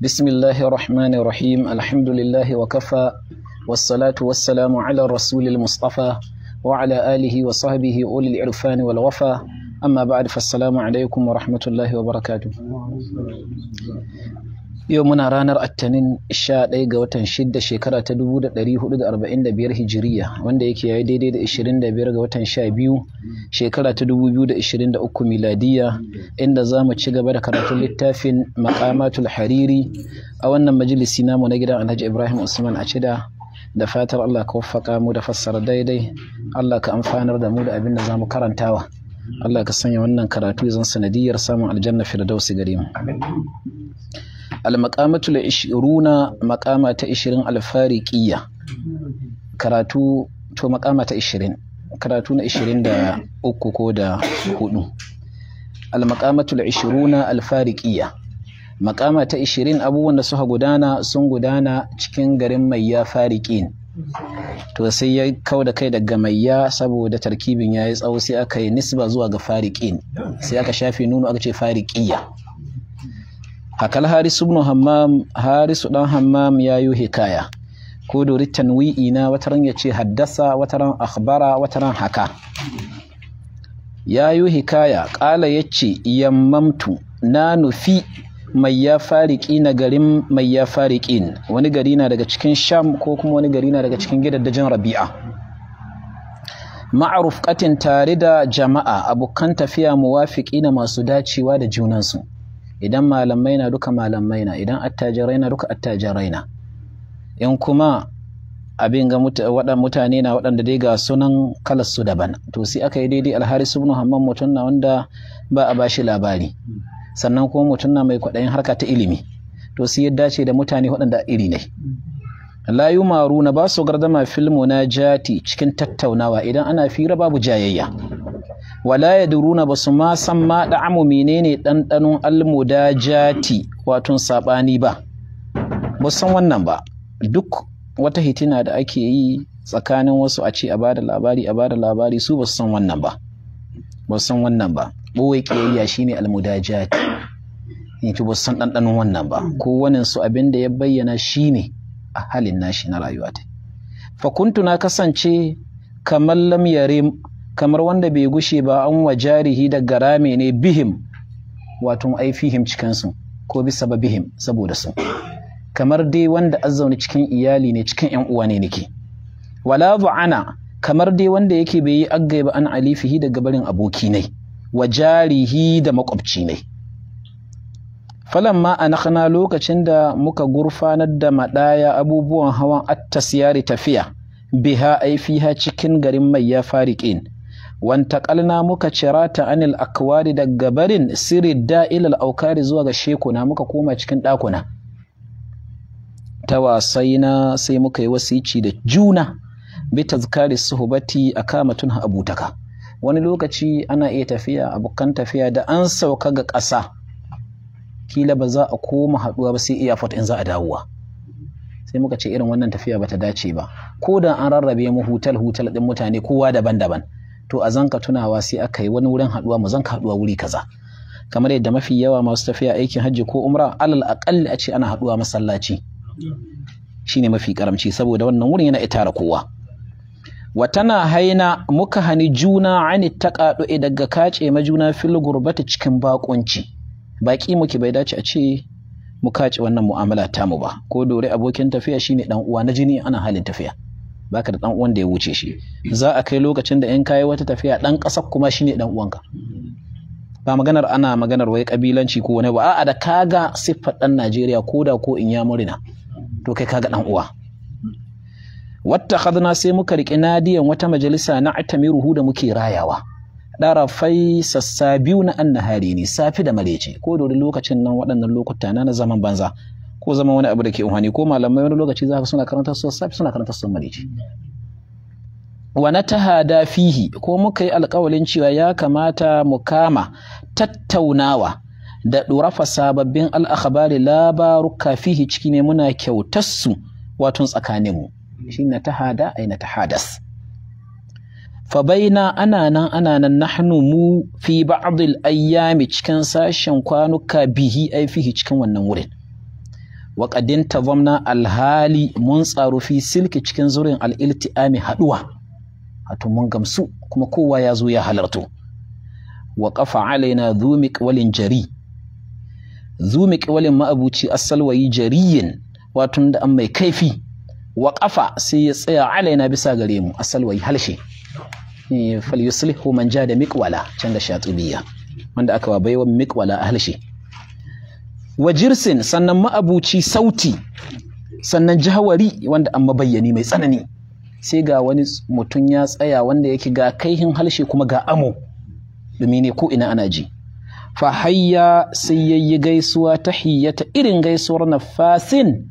بسم الله الرحمن الرحيم الحمد لله وكفى والصلاة والسلام على الرسول المصطفى وعلى آله وصحبه أولي العرفان والوفا أما بعد فالسلام عليكم ورحمة الله وبركاته Yau muna ranar Attanin 11 ga watan 6 shekara ta 1445 Hijiriya wanda yake yayi daidai da 25 ga watan 12 shekara ta 2023 Miladiya inda za mu ci gaba da karatun littafin Maqamatul Hariri a wannan majalisi namu na gidan Alhaji Ibrahim Usman a cida da fatar Allah ka waffaka mu da fassara daidai Allah ka amfanar da mu da abin da za mu karantawa Allah ka sanya wannan karatu zan sanadiyar samun aljanna firdausi gare mu. almakamatul ishiruna makama ta ishirin alfariƙiyya karatu to makama ta ishirin karatu na ishirin da uku ko da hudu almakamatul ishiruna alfariƙiyya makama ta ishirin abubuwan da suka gudana sun gudana cikin garin maiya fariƙin to sai ya kau da kai daga maiya saboda tarkibin ya yi tsawo sai aka yi nisba zuwa ga fariƙin sai aka shafe nunu aka ce fariƙiyya hakal harisu ibn hammam harisu dan hammam ya yi hikaya ko dori tanwi'i na wata ya ce haddasa ran akhbara ran haka ya yi hikaya ƙala yace ce yammamtu na nufi mai ya fariki na garin mai ya fariƙin wani gari na daga cikin sham ko kuma wani gari na daga cikin gidajen rabi'a ma'arufkatin tare da jama'a abokan tafiya muwafiƙi masu dacewa da junansu idan malamai na duka malamai na idan attajirai na duka attajirai na in kuma abin ga waɗanda mutane na waɗanda dai ga sunan kalas su daban to sai aka yi daidai alhari ibn hamman mutum na wanda ba a bashi labari sannan kuma mutum na mai kwaɗayin harka ta ilimi to sai ya dace da mutane waɗanda iri ne layu maru na ba su gardama filmu na jati cikin tattaunawa idan ana fira babu jayayya wala ya yadruna basu ma san ma da'amu menene ɗanɗanon almudajati wato saɓani ba ba san wannan ba duk wata hitina da ake yi tsakanin wasu a ce a bada labari a bada labari su ba su san wannan ba ba san wannan ba ɓoye ƙiyayya shine almudajati ne ba san ɗanɗanon wannan ba kowanin su abin da ya bayyana shi ne a halin nashi na rayuwa ta fa na kasance kamar lam kamar wanda bai gushe ba an wa jarihi da garame ne bihim wato ai fihim cikinsu ko bisa ba bihim saboda su kamar dai wanda azzauni cikin iyali ne cikin yan uwa ne nake wala bu'ana kamar dai wanda yake bai yi aggai ba an alifihi daga barin aboki ne wa jarihi da makwabci ne falamma anakhna lokacin da muka gurfanar da madaya abubuwan hawan attasiyari tafiya biha ai fiha cikin garin mai ya fariqin wantaƙalna muka cira ta anil akwari gabarin barin siri ilal aukari zuwa ga shekuna muka koma cikin ɗakuna ta na sai muka yi wasici da juna bi tazkari suhubati a kamatun abutaka wani lokaci ana iya tafiya abokan tafiya da an sauka ga ƙasa kila ba za a koma haɗuwa ba sai airport in za a dawowa sai muka ce irin wannan tafiya ba bata dace ba ko da an rarrabe mu hutal hutal ɗin mutane kowa daban-daban to a zanka tunawa sai aka yi wani wurin haɗuwa mu zanka haɗuwa wuri kaza kamar yadda mafi yawa masu tafiya aikin hajji ko umra alal aƙalli a ce ana haɗuwa masallaci shine mafi karamci saboda wannan wurin yana itara kowa watana haina muka hani juna ani taƙaɗo e daga kace ma juna fil gurbata cikin baƙunci baƙi muke bai dace a ce mu kace wannan mu'amala ta mu ba ko dore abokin tafiya shine dan uwa na jini ana halin tafiya baka da dan uwan da ya wuce shi za a kai lokacin da in kai wata tafiya dan kasar kuma shine dan uwanka ba maganar ana maganar wai kabilanci ko wani ba a'a da kaga siffar dan Najeriya ko da ko in ya murina to kai kaga dan uwa khadna sai muka riƙe nadiyan wata majalisa na atamiruhu da muke rayawa ɗarafai sassa biyu na annahari ne safi da marece ko da lokacin nan waɗannan lokuta na zaman banza ko zama wani abu da ke umarni ko malamai wani lokaci za ka suna karanta su safi suna karanta su wa na tahada fihi ko muka yi alƙawalin cewa ya kamata mu kama tattaunawa da ɗorafa sababbin al'akabari labaruka fihi ciki ne muna kyautarsu wato tsakaninmu shi na tahada yi na tahadas fa baina ana nan ana nan nahnu mu fi ba'dil ayyami cikin sashen kwanuka bihi ai fihi cikin wannan wurin Waƙadinta qadin alhali mun tsaro fi silki cikin zurin al'iltiami haɗuwa, hatu mun gamsu kuma kowa ya zo ya halarto wa ƙafa alaina dhumi qawlin jari dhumi qawlin ma'abuci asalwayi jariyin wato da an mai kaifi wa ƙafa sai ya tsaya alaina bisa gare mu asalwayi halshe fal yuslihu man da miƙwala can da shatibiya wanda aka wa baiwa a halshe wa jirsin sannan ma'abuci sauti sannan jahawari wanda an bayyani mai tsanani sai ga wani mutum ya tsaya wanda yake ga kaihin halshe kuma ga amo dumi ne ko ina ana ji fa hayya sai yayi gaisuwa ta hiyyata irin gaisuwar nafasin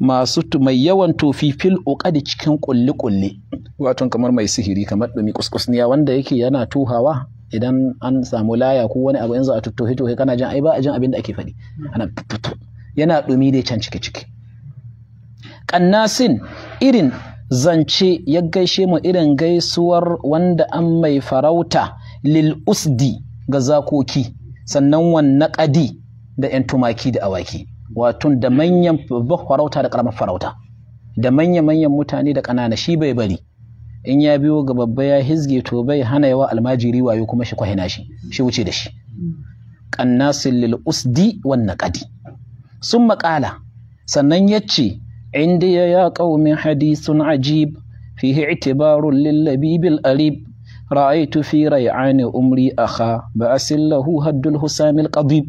masu mai yawan tofi tofifil uqadi cikin kulli kulli waton kamar mai sihiri kamar ɗumi kuskusniya wanda yake yana tuhawa idan an samu laya ko wani abu in za a tuttohi tohi kana jin ai ba a jin abin da ake faɗi ana yana ɗumi da can cike cike ƙannasin irin zance ya gaishe mu irin gaisuwar wanda an mai farauta lil usdi ga zakoki sannan wannan ƙadi da 'yan tumaki da awaki wato da manyan farauta da karamar farauta da manyan manyan mutane da ƙanana shi bai bari in ya biyo ga babba ya hizge to bai hana yawa almajiri wayo kuma shi kwahina shi shi wuce da shi qannasil lil usdi wan naqadi sun maƙala sannan ya ce inda ya ya qaumin hadisun ajib fihi itibarun lil labibil arib رأيت umri ريعان أمري haddul بأس له qadib الحسام fil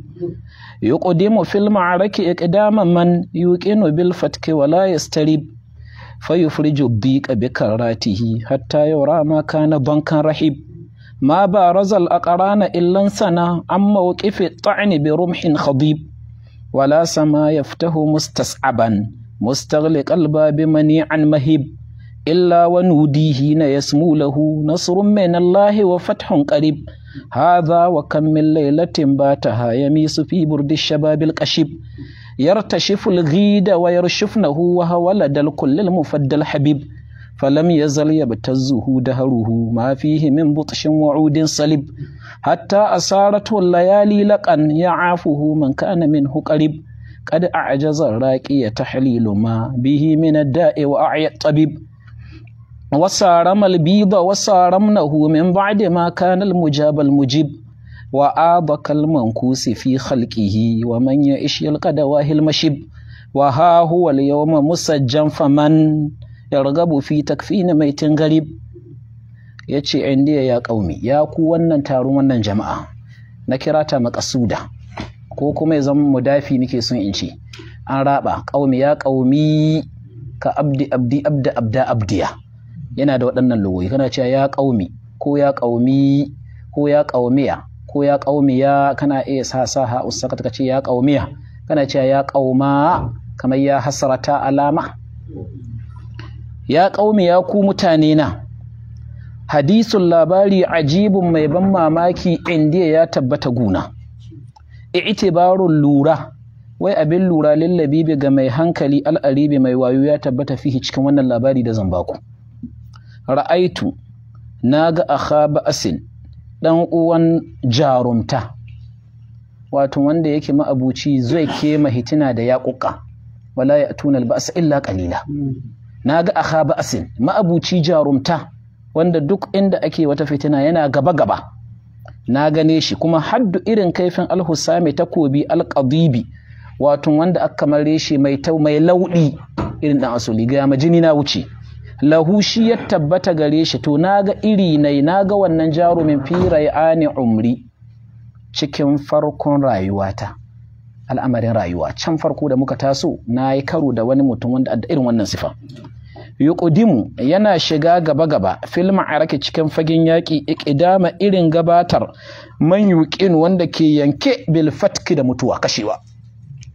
يقدم في man yuqinu bil fatki wa la yastarib. فيفرج الضيق بكراته حتى يرى ما كان ضنكا رحيب ما بارز الأقران إلا انسنا أما وكيف الطعن برمح خضيب ولا سما يفته مستصعبا مستغلق الباب منيعا مهيب إلا ونوديه يسمو له نصر من الله وفتح قريب هذا وكم من ليلة باتها يميس في برد الشباب القشيب يرتشف الغيد ويرشفنه وهو لدى الكل المفدى الحبيب فلم يزل يبتزه دهره ما فيه من بطش وعود صلب حتى أسارته الليالي لقا يعافه من كان منه قريب قد أعجز الراكي تحليل ما به من الداء وأعي الطبيب وصارم البيض وصارمنه من بعد ما كان المجاب المجيب wa aba kalman kusi fi khalqihi wa man ya ishil qada wa mashib wa ha huwa yawma musajjan fa man yargabu fi takfin maitin garib yace indiya ya kaumi ya ku wannan taron wannan jama'a na kirata makasuda ko kuma ya zama madafi nake son in ce an raba kaumi ya kaumi ka abdi abdi abda abda abdiya yana da waɗannan lugoyi kana cewa ya kaumi ko ya kaumi ko ya kaumiya ko ya ƙaumiya kana iya sa sa ha usaka ka ce ya ƙaumiya? kana cewa ya ƙauma kamar ya hasarata alama ya ƙaumiya ku mutane na hadisun labari ajibun mai ban mamaki indiya ya tabbata guna barun lura wai abin lura lillabibi ga mai hankali al'aribi mai wayo ya tabbata fihi cikin wannan labari da zambaku ra'aitu na ga akha ba'asin ɗan uwan jarumta wato wanda yake ma'abuci zai kema hitina da ya ƙuƙa, wala ya tuna ba'asa illa ƙalila na ga aha ba'asin ma'abuci jarumta wanda duk inda ake wata fitina yana gaba gaba na gane shi kuma haddu irin kaifin mai takobi alƙadibi wato wanda aka mare shi mai tau mai lauɗi irin dan asuli ga ma jini na wuce lahu shi ya tabbata gare shi to naga iri nai ga wannan jarumin firaye ani umri cikin farkon rayuwata al'amarin rayuwa can farko da muka taso na yi karo da wani mutum wanda irin wannan sifa yuqdimu yana shiga gaba gaba fil rake cikin fagen yaƙi iqdama irin gabatar man yuqin wanda ke yanke bil da mutuwa kashewa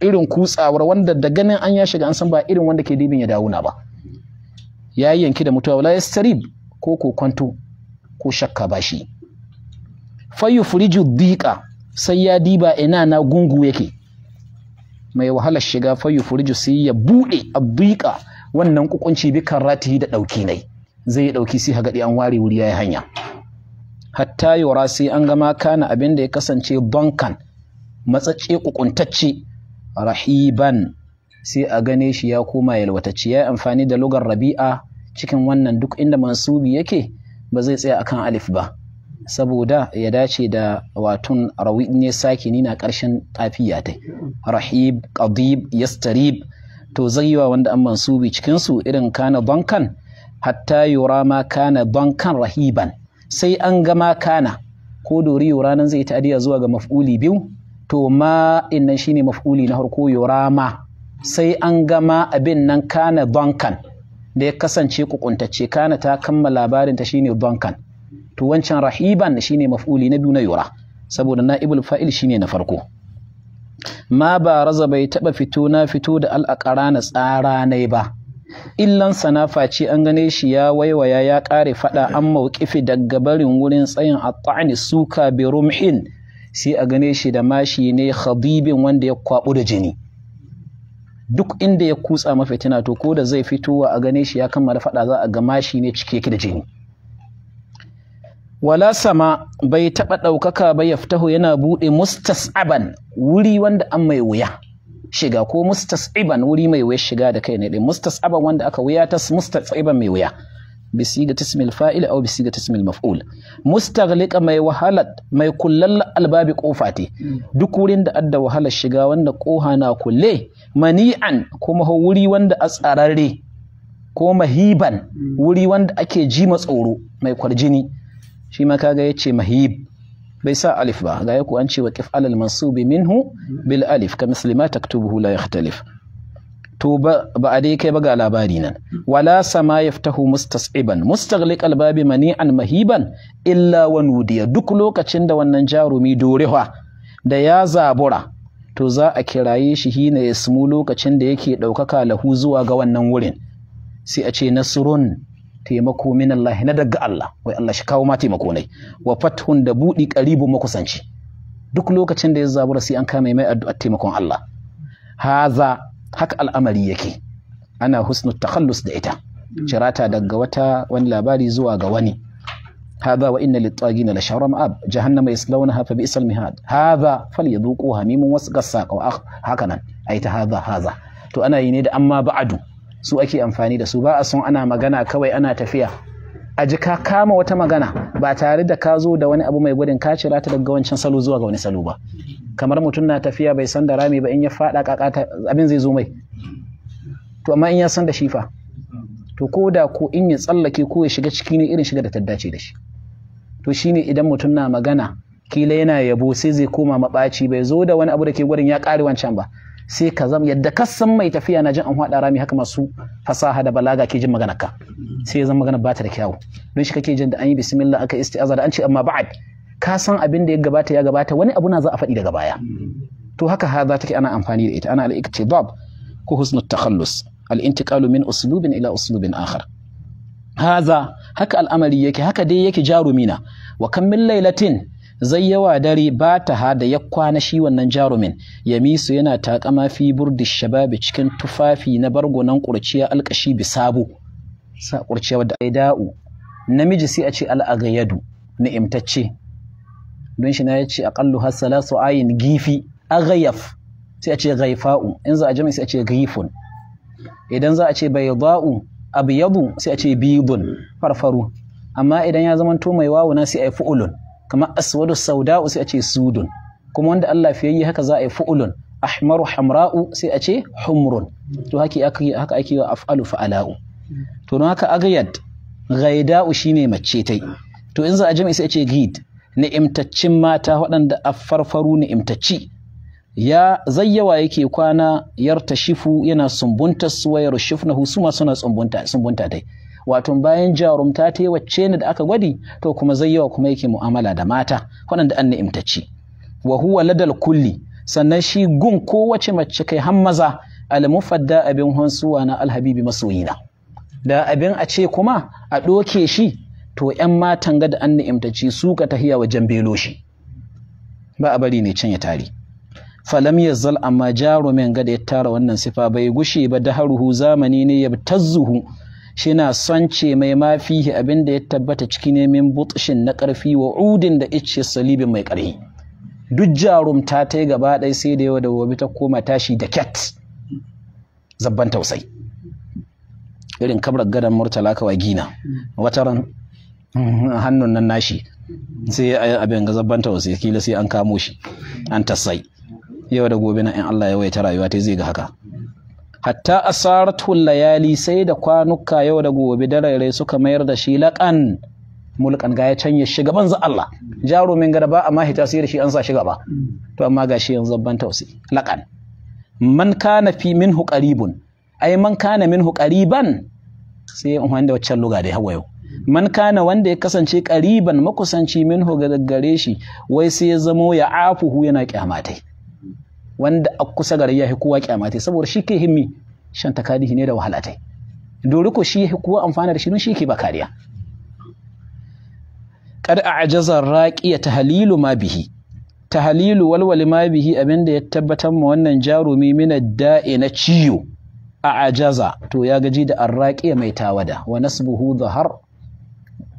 irin kutsawar wanda da ganin an ya shiga an san ba irin wanda ke dibin ya dawo na ba ya yi yanki da mutuwa wala yastarib ko ko kwanto ko shakka ba shi fayu furiju dika sai ya diba ina na gungu yake mai wahalar shiga fayu furiju sai ya buɗe a dika wannan kukunci bi karatihi da ɗauki nai zai ya ɗauki sai haga an ware wuri ya yi hanya hatta yura sai an gama kana abin da ya kasance bankan matsacce kukuntacce rahiban sai a gane shi ya koma yalwatacce ya yi amfani da lugar rabi'a cikin wannan duk inda mansubi yake ba zai tsaya akan alif ba saboda ya dace da watun rawi ne sake na ƙarshen tafiya ta rahib qadib yastarib to zai wa wanda an mansubi cikin su irin kana bankan hatta yura ma kana bankan rahiban sai an gama kana ko dori yura nan zai tadiya zuwa ga maf'uli biyu to ma innan shine maf'uli na harko yura ma sai an gama abin nan kana bankan da ya kasance kukuntacce kana ta kammala labarin ta shine bankan to wancan rahiban shine maf'uli na biyu na yura saboda na'ibul fa'il shine na farko ma ba raza bai taba fito na fito da al'aqara na tsara nai ba illan sana face an gane shi ya waiwaya ya kare fada an mawqifi daga barin wurin tsayin at'ani suka bi rumhin sai a gane shi da mashi ne khadibin wanda ya kwabu da jini duk inda ya kutsa tana to ko da zai fitowa a gane shi ya kammala faɗa za a gama shi ne cike yake da jini wala sama bai taɓa ɗaukaka ba yaftahu yana buɗe Mustas aban wuri wanda an mai wuya shiga ko Mustas Iban wuri mai wuya shiga da kai ne ɗin aban wanda aka wuya ta Mustas Iban mai wuya Bisi ga tismil fa'il aw ga tismil maf'ul mustaghliqa mai wahalat mai kullal albabi kofa te hmm. duk wurin da adda wahalar shiga wanda koha na kulle mani'an kuma wuri wanda a tsararre ko mahiban mm. wuri wanda ake ji matsoro mai kwarjini shi ma kaga ya ce mahib bai sa alif ba ga yaku an ce wa kif alal mansubi minhu mm. bil alif ka muslima taktubuhu la yakhtalif to ba a dai kai ba ga labari nan mm. wala sama yaftahu mustasiban mustaghliq albabi mani'an mahiban illa wa nudiya duk lokacin da wannan jarumi dorewa da ya zabura to za a kiraye shi hina ya sumu lokacin da yake ɗaukaka lahu zuwa ga wannan wurin sai a ce nasrun taimako min Allah na daga Allah wai Allah shi kawo ma taimako nai. wa fathun da buɗi qaribun makusanci duk lokacin da ya zabura sai an kama mai addu'a taimakon Allah haza haka al'amari yake ana husnul takhallus da ita cirata daga wata wani labari zuwa ga wani هذا وإن للطاغين لشر مآب جهنم يصلونها فبئس المهاد هذا فليذوقوها ميم وسقساق وأخ هكذا ta هذا هذا to ana yi ne da amma ba'adu su ake amfani da su ba a son ana magana kawai ana tafiya a ji ka kama wata magana ba tare da ka zo da wani abu mai gudun ka cira ta daga wancan salo zuwa ga wani salo ba kamar mutum na tafiya bai san da rami ba in ya faɗa abin zai zo mai to amma in ya san da shi fa to ko da ko in ya tsallake ko ya shiga ciki ne irin shiga da taddace da shi to shine idan mutum na magana kila yana yabo sai zai koma mabaci bai zo da wani abu da ke gurin ya kare wancan ba sai ka zama yadda ka san mai tafiya na jin an hada rami haka masu fasaha da balaga ke jin magana ka sai ya zama magana ba ta da kyawu don shi kake jin da an yi bismillah aka isti'aza da an ce amma ba'ad ka san abin da ya gabata ya gabata wani abu na za a faɗi daga baya to haka ha za take ana amfani da ita ana alaikace dab ko husnul takhallus al-intiqalu min uslubin ila haza haka al'amari yake haka dai yake jarumina wa kan lailatin zai yawa dare ba ta hada ya kwana shi wannan jarumin yamisu yana takama fi burdi cikin tufafi na bargunan kurciya alkashi bisabu sa kurciya da'u namiji sai a ce al'agayadu ni'imtacce don shi na ya ce aƙallu har salasu ayin gifi agayaf sai a ce sai a ce gifun idan za a ce bai ba'u abu sai a ce bibun farfaru amma idan ya zama to mai wawuna sai a yi fu'ulun kamar aswadu sauda'u sai a ce sudun kuma wanda Allah fiye yi haka za a yi fu'ulun ahmaru hamra'u sai a ce humrun to haka ake yi af'alu fa'ala'u to don haka agayad ghaida'u shine mace tai to in za a jami'i sai a ce gid ni'imtaccin mata waɗanda a farfaru ni'imtacci ya zayyawa yake kwana shifu yana sumbunta suwa ya rushifnahu su ma suna sumbunta sumbunta dai wato bayan jarumta ta yi wacce ne da aka gwadi to kuma zayyawa kuma yake mu'amala da mata waɗanda an ni'imtaci wa huwa ladal kulli sannan shi gun kowace mace kai hammaza alamufadda abin hansuwa na alhabibi masoyina da abin a ce kuma a ɗoke shi to ‘yan matan ga da an ni'imtaci su ka tahiya wajen belo shi ba a bari ne can ya tari falam amma jarumin ga da ya tara wannan sifa bai gushe ba da haruhu zamani ne ya tazzuhu shi na son ce mai mafihi abin da ya tabbata ciki ne min butshin na ƙarfi wa udin da icce salibin mai ƙarfi duk jarumta ta yi gaba ɗaya sai da yawa da wabi ta koma tashi da cat zabban tausai irin kabrar gadon murtala kawai gina ran mm, hannun nan nashi sai abin ga zabban tausai kila sai an kamo shi an tasai yau da gobe na in Allah ya waita rayuwa ta zai ga haka hatta asaratul layali sai da kwanuka yau da gobe da rairai suka mayar da shi laƙan mulkan ga ya canye shiga banza Allah jarumin gada ba amma hita sai da shi an sa shiga ba to amma ga shi yanzu ban tausi laƙan man kana fi minhu qaribun ai man kana minhu qariban sai in wanda waccan luga da hawayo man kana wanda ya kasance qariban makusanci minhu ga gare shi wai sai ya zamo ya afuhu yana kyamatai wanda a kusa gare ya kowa kyamatai saboda shi ke himmi shan takadihi ne da wahalatai dori ko shi kowa amfana da shi don shi ke ba kariya kad a'jaza raqiya tahlilu ma bihi tahlilu walwali ma bihi abinda ya tabbatar ma wannan jarumi min da'i na ciyo a'jaza to ya gaji da arraqiya mai tawada wa nasbuhu zahar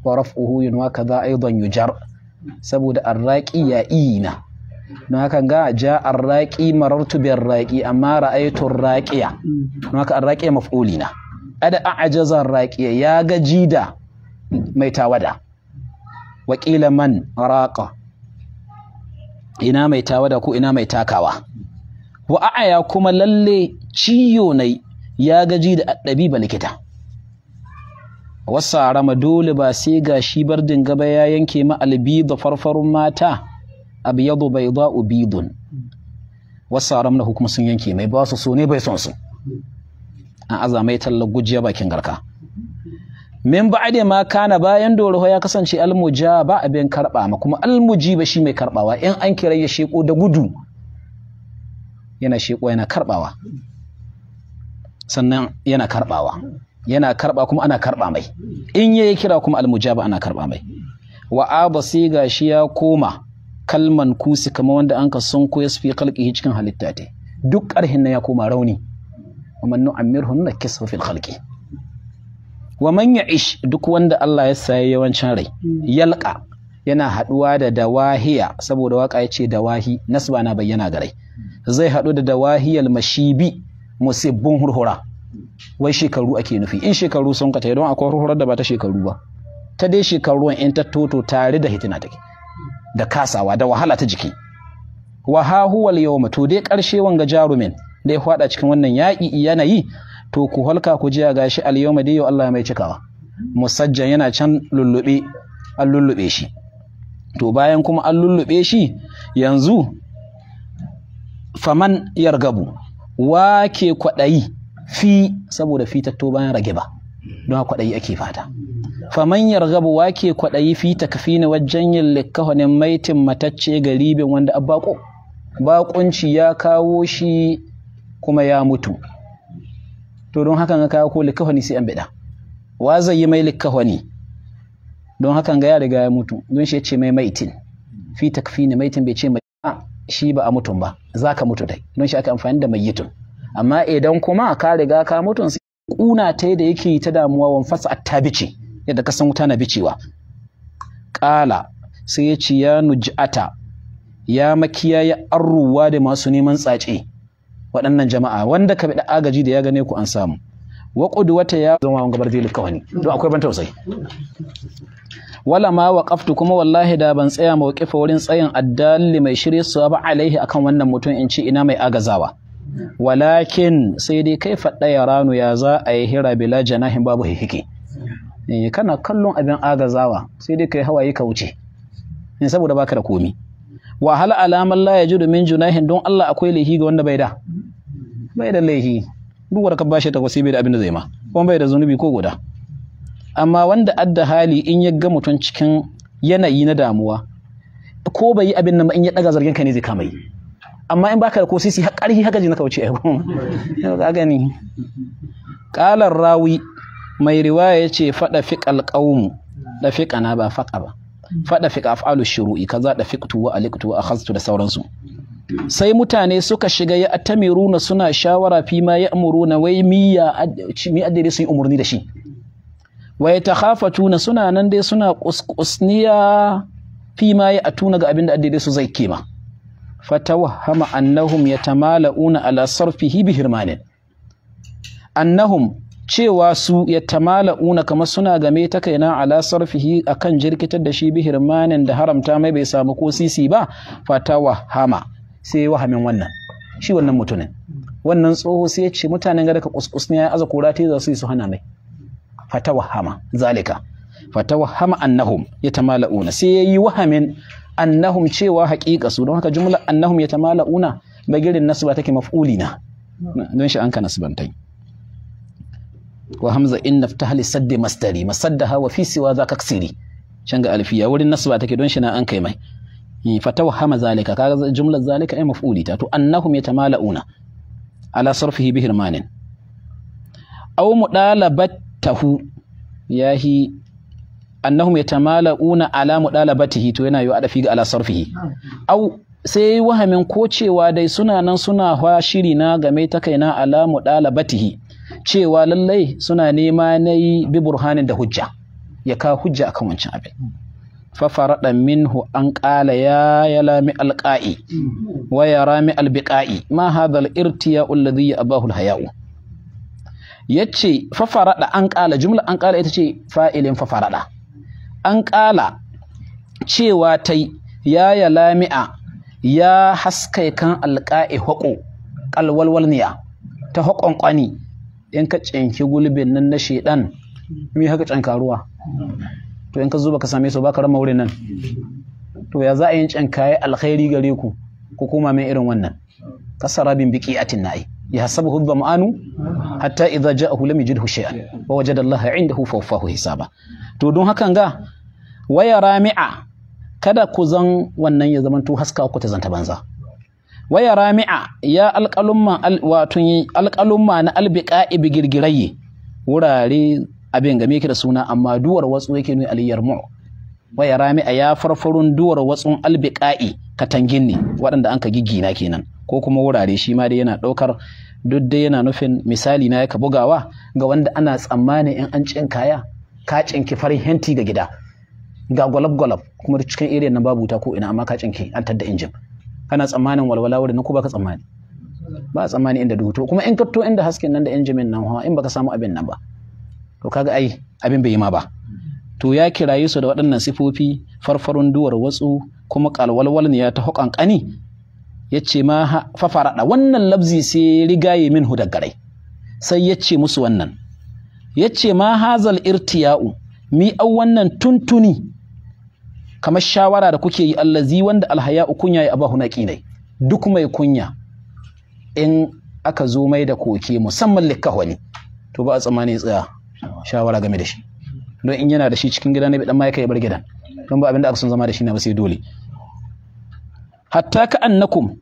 wa raf'uhu yunwa kaza aidan yujar saboda arraƙi ya ina don haka ga ja arraqi marartu bir raƙi, amma ra'aytu raqiya don haka arraqiya na. ada a'jaza raqiya ya ga jida mai tawada wakila man raqa ina mai tawada ko ina mai takawa wa a'aya kuma lalle ciyo nai ya gaji da ɗabiba likita wasa rama dole ba sai ga shi bar gaba ya yanke ma albi da farfarun mata abyadu bayda'u bidun wasu aram na hukumar sun yanke mai ba su so ne bai son su an aza mai tallar gujiya bakin garka min a ma kana bayan doro ya kasance ba abin karba ma kuma ba shi mai karbawa in an kira ya sheko da gudu yana sheko yana karbawa sannan yana karbawa yana karba kuma ana karba mai in yayi kira kuma ba ana karba mai wa abasi gashi ya koma kalman kusi kamar wanda an ka sun ko yasfi kalki cikin halitta ta duk ƙarhin na ya koma rauni wa man nu'ammirhu kisfa fil khalqi wa man ya'ish duk wanda Allah ya saye yawancin rai yalqa yana haduwa da dawahiya saboda waka ya ce dawahi nasba na bayyana ga rai zai hadu da dawahiyal mashibi musibbun hurhura wai shekaru ake nufi in shekaru sun ka ta don akwai hurhurar da ba ta shekaru ba ta dai shekaru in ta toto tare da hitina take da kasawa da wahala ta jiki wa ha huwa to dai karshe wanga jarumin da ya fada cikin wannan yaƙi yanayi to ku halka ku jiya gashi al yawma dai Allah mai cikawa musajjan yana can lullube an lullube shi to bayan kuma an lullube shi yanzu faman yargabu wake kwaɗayi fi saboda fitatto bayan rage ba don kwaɗayi ake fata faman yargabu wake kwaɗayi fi takfini wajen yin likkahonin maitin matacce garibin wanda abbaƙo baƙunci ya kawo shi kuma ya mutu to don hakan ka kawo ko likkahoni sai an biɗa wa zai yi mai likkahoni don hakan ga ya riga ya mutu don shi ya ce mai maitin fi takfini maitin bai ce mai shi ba a mutum ba za ka mutu dai don shi aka amfani da mayyitun amma idan kuma ka riga ka mutun kuna ta da yake ta damuwa wan fasa ta bice yadda ka san wuta na bicewa Ƙala sai ya ce ya nujata ya ya arruwa da masu neman tsace waɗannan jama'a wanda ka da agaji da ya gane ku an samu wa wata ya zama wanga bar zilika wani don akwai ban tausayi wala ma waqaftu kuma wallahi da ban tsaya mawqifa wurin tsayin addalli mai shirye su ba alaihi akan wannan mutum in ce ina mai agazawa walakin sai dai kai faɗa ya ranu ya za a yi hira bila janahin babu hihiki eh, kana kallon abin agazawa sai dai kai hawaye ka wuce in eh, saboda baka da komi wa hal alaman la ji min junahin don Allah akwai laihi ga wanda bai da bai da laihi duk wanda ka bashi ta wasi bai da abin da zai ma kuma bai da zunubi ko guda amma wanda adda hali in ya ga mutum cikin yanayi na damuwa ko bai yi abin nan ba in ya daga zargin ka ne zai kama yi amma in baka da ko sisi ƙarfi haka ji na kauce ai ga gani qalar rawi mai riwaya yace fada fiqal qawm da fiqana ba faqa ba fada fiqa afalu shuru'i kaza da fiqtu wa aliktu wa akhadtu da sauransu sai mutane suka shiga ya atamiruna suna shawara fi ma ya'muruna wai miya mi adiri sun umurni da shi wa yatakhafatuna suna nan dai suna kuskusniya fi ma ya atuna ga abin da su zai kema fatawahama annahum yatamala'una ala sarfihi bihirmanin annahum cewa su yatamala'una kama suna game ta kaina ala sarfihi akan jirkitar da shi bihirmanin da haramta mai bai samu ko sisi ba fatawahama sai wahamin wannan shi wannan mutumin wannan tsoho sai ya ce mutanen gada ka kuskus ne ya aza kura ta za su yi su hana mai fatawahama zalika fatawahama annahum yatamala'una sai yayi wahamin annahum cewa haƙiƙa su don haka jumla annahum yatamala'una bagirin nasba take na don shi an ka nasbantai wa hamza in naftah li mastari masaddaha wa fi siwa za kaksiri can ga alfiya wurin nasba take don shi na an kai mai hama zalika ka jumlar zalika ai maf'uli ta to annahum yatamala'una ala sarfihi manin aw mudalabatahu yahi annahum yatamala'una ala mudalabatihi to yana yi dafi ga ala sarfihi au sai wahamin ko cewa dai suna nan suna fa shiri na game ta kaina ala mudalabatihi cewa lallai suna nema nayi bi burhanin da hujja ya ka hujja akan wancan abin fafarada minhu an ƙala ya yalami alƙa'i wa ya rami ma hadal irtiya alladhi abahu al-haya'u yace fafarada an ƙala jumla an ƙala ita ce fa'ilin fafarada an ƙala cewa ta ya ya lami'a ya haskai kan alƙa'i haƙo ƙalwalwalniya ta haƙon ƙwani in ka cinki gulbin nan na shaiɗan mai haka canka ruwa to in ka zo baka same su baka rama wurin nan to ya za a yi cinka ya alkhairi gare ku ku koma mai irin wannan kasara bin biki atin na'i ya hasabu hudba ma'anu hatta idza ja'ahu lam yajidhu ba wa da Allah indahu fa hisa hisaba to don hakan ga waya rami'a kada ku zan wannan ya zamanto haska ku ta zanta banza waya rami'a ya alqalumma al, alqalumma na albiqa'i bigirgirayi wurare abin game ki da suna amma duwar watsu yake nuna aliyar mu waya rami'a ya farfarun duwar watsun albiqa'i katangin ne waɗanda an ka giggina kenan ko kuma wurare shi ma dai yana ɗaukar duk dai yana nufin misali na yaka bugawa ga wanda ana tsammani in an cin kaya ka cinki farin henti ga gida ga gwalab-gwalab kuma cikin irin nan babu wuta ko ina amma ka cinki an tadda injin kana tsammanin walwala wurin ko baka tsammani ba tsammani inda duto kuma in ka inda hasken nan da injimin nan in baka samu abin nan ba to kaga ai abin bai yi ma ba to ya kiraye su da waɗannan sifofi farfarun duwar watsu kuma kalwalwal ne ya ta hukan kani ya ce ma fafarada wannan labzi sai rigaye min hu garai sai ya ce musu wannan ya ce ma hazal irtiya'u mi au wannan tuntuni kamar shawara da kuke yi allazi wanda alhaya'u kunya ya abahu naqinai duk mai kunya in aka zo mai da koke musamman likahwani to ba a tsammanin tsaya shawara game da shi don in yana da shi cikin gida ne dan ma ya bar gidan don ba abin da aka son zama da shi na ba sai dole hatta ka annakum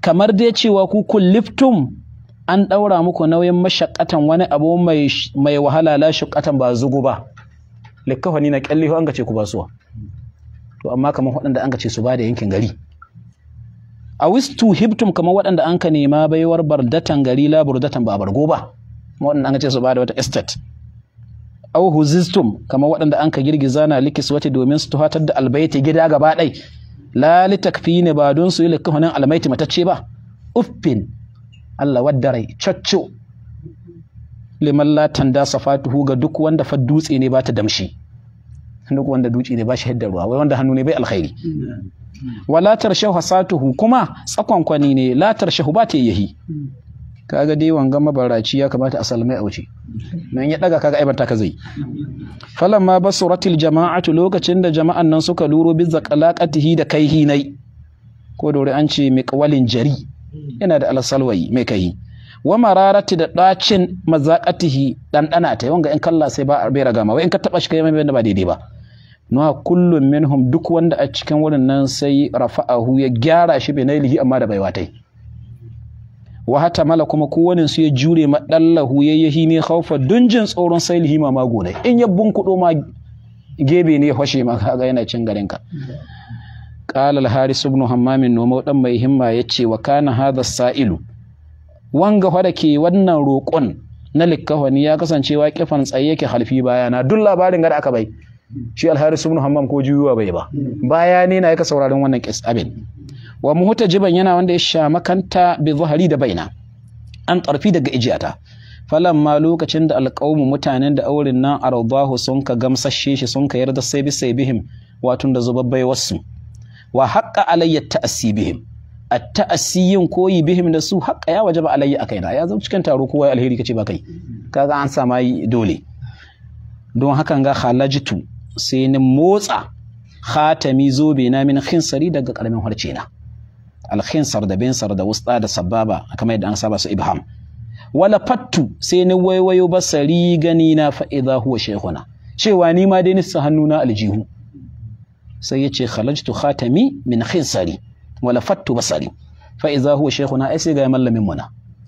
kamar dai cewa ku kulliftum an ɗaura muku nauyin mashaƙatan wani abu mai wahala la shuƙatan ba zugu ba likkafani na ƙyalli an ce ku ba suwa to amma kamar waɗanda an ce su ba da yankin gari a wistu hibtum kamar waɗanda an ka nema baiwar bardatan gari la datan ba bargo ba waɗanda an ce su ba da wata estate au huzistum kamar waɗanda an ka girgiza na likis wata domin su tuhatar da albaiti gida gaba ɗai la litakfi ne ba don su yi likkafanin almaiti matacce ba uffin Allah wadda rai cacco liman latan da safatuhu ga duk wanda fa dutse ne ba ta damshi duk wanda dutse ne ba shi hidda ruwa wai wanda hannu ne bai alkhairi wala tarshahu hasatuhu kuma tsakonkwani ne la tarshahu ba ta yahi kaga dai wanga mabaraci ya kamata a salmai a wuce nan ya daga kaga aibanta ka zai falamma basuratil jama'atu lokacin da jama'an nan suka luro bi zakalaqatihi da kaihi nai ko dore an ce miqwalin jari yana da alasalwai mai kai wa mararati da dacin mazaqatihi dandana ta wanga in kalla sai ba bai ragama wai in ka taba shi kai mai ba daidai ba na kullum minhum duk wanda a cikin wurin nan sai rafa'ahu ya gyara shi bai nailihi amma da baiwa tai wa hatta mala kuma kowanin su ya jure ma dallahu yayyahi ne khaufa dunjin tsoron sailihi ma mago in ya bunkudo ma gebe ne ya fashe ma kaga yana cin garin ka qala al-haris ibn hammam noma dan mai himma ya ce wa kana hadha sa'ilu wanga fa ke wannan roƙon na likkafani ya kasancewa wa kifan tsaye yake halfi bayana duk labarin da aka bai shi al-haris ibn ko juyuwa bai ba baya ne na yaka sauraron wannan kis abin wa muhtajiban yana wanda ya sha makanta bi zuhari da baina an tarfi daga ijiyata ma lokacin da alƙawmu mutanen da auren nan ardahu sun ka gamsashe shi sun ka yarda sai bi sai bihim watun da zubabbai wasu wa haƙa alayya ta'assi bihim a yin koyi bihim da su haƙa ya wajaba alayya a kaina ya zama cikin taro kowa alheri kace ba kai kaga an sama dole don hakan ga halajitu sai ni motsa khatami zobe na min khinsari daga karamin harce na khinsar da binsar da wusta da sababa kamar yadda an saba su ibham wala fattu sai ni waiwayo basari gani na fa idza huwa shaykhuna cewa ni ma dai hannu hannuna aljihu sai ya ce khalajtu khatami min khinsari wala fattu basari fa idza huwa shaykhuna ai sai ga mallamin mu na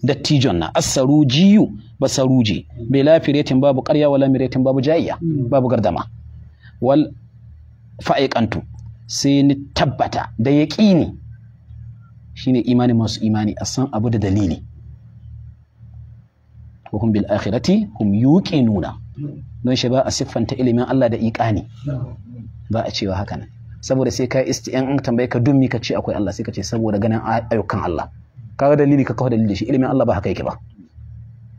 dattijon na asarujiyu basaruji bai lafiretin babu karya wala miretin babu jayya babu gardama wal fa'iqantu sai ni tabbata da yaqini shine imani masu imani a san abu da dalili wa bil akhirati hum yuqinuna don shi ba a siffanta ilimin Allah da iqani ba a cewa haka nan saboda sai ka yan an tambaye ka dummi ka ce akwai Allah sai ka ce saboda ganin ayyukan Allah kaga dalili ka kawo dalili shi ilimin Allah ba haka yake ba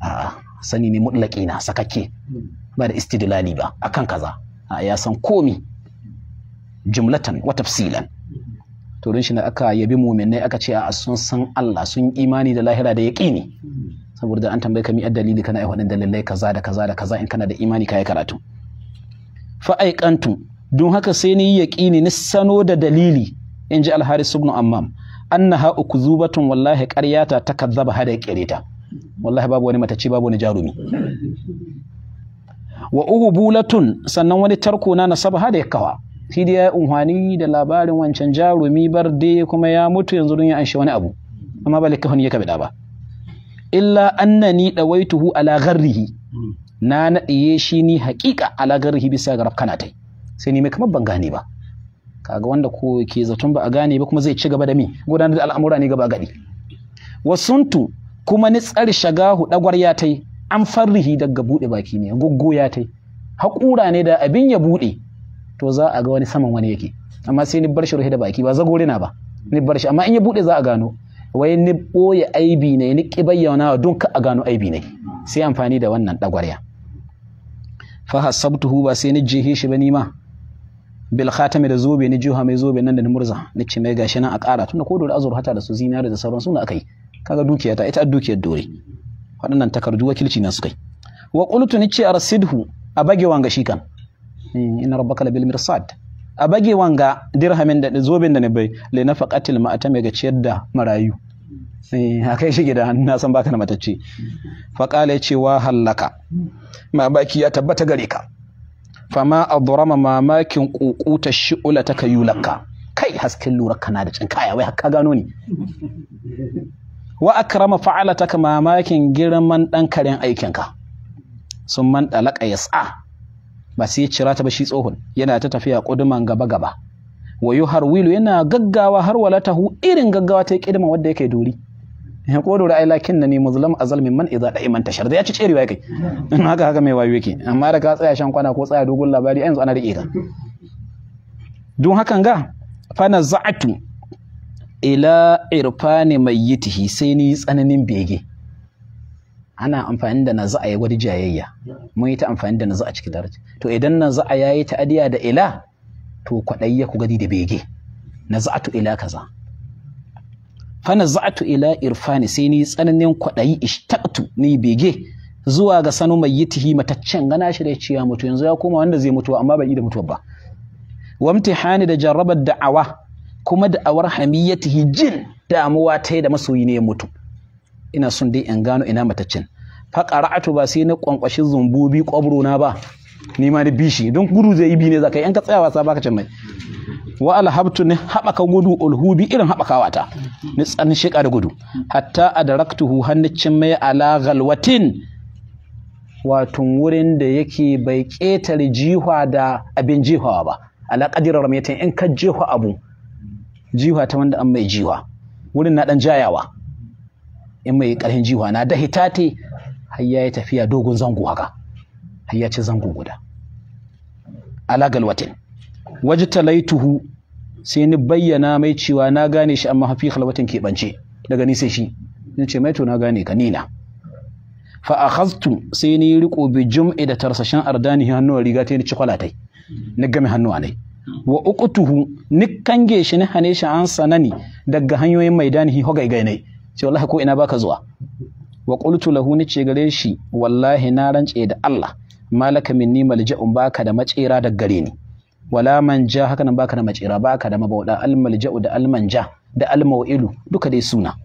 a'a sani ne mutlaki na sakakke ba da istidlali ba akan kaza a ya san komi jumlatan wa tafsilan to don shi na aka yabi mu'minai aka ce a sun san Allah sun imani da lahira da yaqini saboda an tambaye ka mi dalili kana ai wannan dalilai kaza da kaza da kaza in kana da imani kai karatu fa aiqantum don haka sai ni yaƙini ni sano da dalili in ji alharis ibn ammam annaha ukuzubatun wallahi ƙaryata ta kazzaba hada ƙireta wallahi babu wani matacci babu wani jarumi wa uhu bulatun sannan wani tarko na nasaba hada kawa shi da ya unhwani da labarin wancan jarumi bar de kuma ya mutu yanzu don ya anshi wani abu amma ba likahun ya kabida ba illa annani dawaituhu ala gharrihi na naɗiye shi ni haƙiƙa ala gharrihi bisa ga rafkanatai sai ni mai kamar ban gane ba kaga wanda ko ke zaton ba a gane ba kuma zai ci gaba da mi gudanar da al'amura ne gaba gadi wasuntu kuma ni tsari shagahu dagwar ya tai an farrihi daga bude baki ne goggo ya tai haƙura ne da abin ya bude to za a ga wani saman wani yake amma sai ni bar shi da baki ba zagore na ba ni bar shi amma in ya bude za a gano wai ni boye aibi ne ni ki don ka a gano aibi ne sai amfani da wannan dagwarya fa hasabtuhu ba sai ni jehe shi ba ni ma bil khatami da zobe ni juha mai zobe nan da ni murza ni ce mai gashi nan a ƙara tunda ko dole azur hata da su zinare da sauran suna akai kaga dukiya ta ita dukiyar dore waɗannan takardu wakilci na su kai wa qultu ni ce arsidhu a bage wanga shi kan eh, inna rabbaka labil mirsad a bage wanga dirhamin da zoben da ni bai le na faqatil ma'ata mai gaciyar da marayu eh, a kai shi gida na san baka na matacce faqala ya ce wa hallaka ma baki ya tabbata gare ka fama adrama mamakin kukuta shi'ula ta laka kai hasken lura kana da can kaya wai haka gano ni wa akrama fa'ala ka mamakin girman dan karen aikinka sun man dalaka yas'a ba sai ya cira ta ba shi tsohon yana ta tafiya kuduman gaba gaba wayo wilo yana gaggawa har walatahu irin gaggawa ta kidma wanda yake dori ya kodo ra'ayi lakin nani muzlam zalmin man idza da iman tashar ya ci ce riwaya kai in haka haka mai wayo yake amma da ka tsaya shan kwana ko tsaya dogon labari yanzu ana rike ka don hakan ga fa za'atu ila irfani mayyitihi sai ni tsananin bege ana amfani da naza'a ya gwada jayayya mun yi ta amfani da naza'a cikin daraja to idan naza'a yayi adiya da ila to kwadayya ku gadi da bege naza'atu ila kaza fana za'atu ila irfani sai ni tsananin kwaɗayi ishtaqtu ni bege zuwa ga sanu mai yitihi mataccen gana shi da ciya mutu yanzu ya koma wanda zai mutuwa amma bai yi da mutuwa ba imtihani da jarrabar da'awa kuma da'awar hamiyatihi jin damuwa ta da masoyi ne ya mutu ina son dai in gano ina mataccen qara'atu ba sai na kwankwashi zumbubi kwabro na ba ni ma ni bishi don gudu zai yi bi ne zakai in ka tsaya wasa baka can mai wa alhabtu ne haɓaka gudu ulhubi irin haɓakawa ta ni tsan shiƙa da gudu hatta adaraktuhu hannicin mai ala galwatin watun wurin da yake bai ƙetare jiwa da abin jihawa ba ala ƙadirar ramiyatan in ka abu jiwa ta wanda an mai jiwa wurin na ɗan jayawa in mai ƙarfin jiwa na da hitate hayya ya tafiya dogon zango haka har zango guda ala galwatin talaituhu sai ni bayyana mai cewa na gane shi amma hafi khalwatin keɓance daga ni sai shi ni ce mai to na gane ka nina fa akhadtu sai ni riko bi jum'i da tarsashin ardani hannuwa riga ta ni ci kwalatai. ni game hannuwa ne wa uqtuhu ni kange shi ni hane shi an sanani daga hanyoyin hogai gai ne ce wallahi ko ina baka zuwa wa qultu lahu ni ce gare shi wallahi na rance da Allah malaka minni malja'un baka da macira daga gare ni wala manja haka nan baka da macira baka da mabauda almalja'u da almanja da almawailu duka dai suna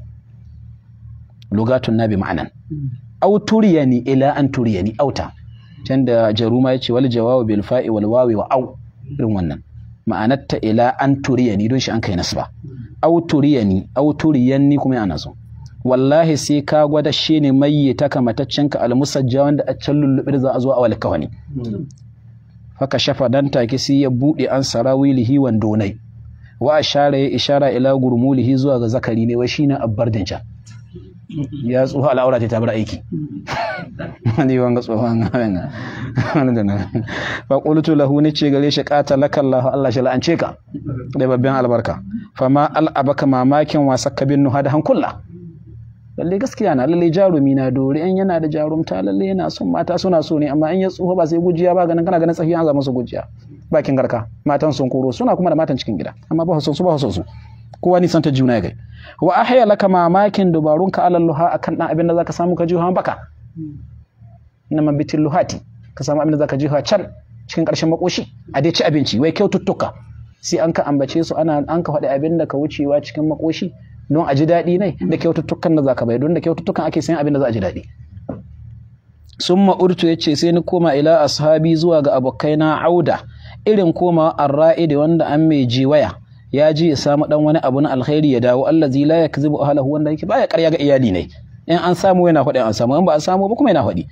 lugatun nabi ma'anan au turiyani ila an turiyani auta can da jaruma yace wal jawabu bil fa'i wal wawi wa au irin wannan ma'anarta ila an turiyani don shi an kai nasba au turiyani au turiyanni kuma ana so wallahi sai ka gwada shi ne mai kamataccen ka almusajja wanda a can da za a zo a walkawani faka shafa dan take sai ya buɗe an sarawilihi donai wa ashara ya ishara ila gurmulihi zuwa ga zakari ne wa shine abbardin can ya tsoha al'aura ta bar aiki ne wanga tsohon wannan da na fa qultu lahu ni ce gare shi qata Allah Allah shi la'ance ka da babban albarka fa ma al'abaka mamakin wasakka bin nuha hankulla lalle gaskiya na lalle jarumi na dore in yana da jarumta Lallai yana son mata suna so ne amma in ya tsoho ba sai gujiya ba ganin kana ganin tsakiya an za musu gujiya bakin garka matan sun koro suna kuma da matan cikin gida amma ba su su ba su su kowa nisan ta juna ya gai wa ahya laka mamakin dubarun ka alal luha akan dan abin da zaka samu ka jiha baka na mabitin luhati ka samu abin da zaka a can cikin karshen makoshi a dai ci abinci wai kyaututtuka sai an ka ambace su ana an ka faɗi abin da ka wucewa cikin makoshi don a ji daɗi ne da kyaututtukan da ka bai don da kyaututtukan ake sayan abin da za a ji daɗi summa ya yace sai ni koma ila ashabi zuwa ga abokaina auda irin koma da wanda an mai jiwaya ya ji ya samu dan wani abu na alkhairi ya dawo allazi la yakzibu ahlahu wanda yake baya ƙarya ga iyali ne in an samu yana faɗi an samu in ba an samu ba kuma yana faɗi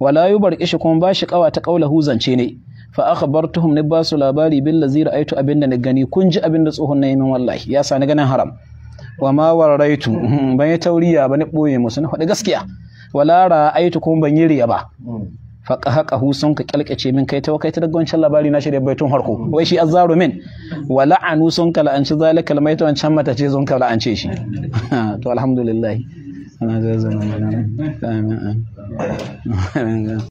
wala bar yubarqishi kuma ba shi ƙawa ta qaulahu zance ne fa aka bar tuhum ni ba su labari lazira aitu abin abinda na gani kun ji abinda tsohon na min wallahi ya ni ganin haram wa ma waraitu hmm, ban yi tauriya ba ni boye musu na faɗi gaskiya wala ra'aitu kuma ban yi riya ba fa haka sun ka kalkace min kai ta kai ta daga wancan labari na shirya baitun harko wai shi azzaru min wa la'anu sun ka la'anci zalika almaita wancan mata ce sun ka la'ance shi to alhamdulillah ana zai zama amin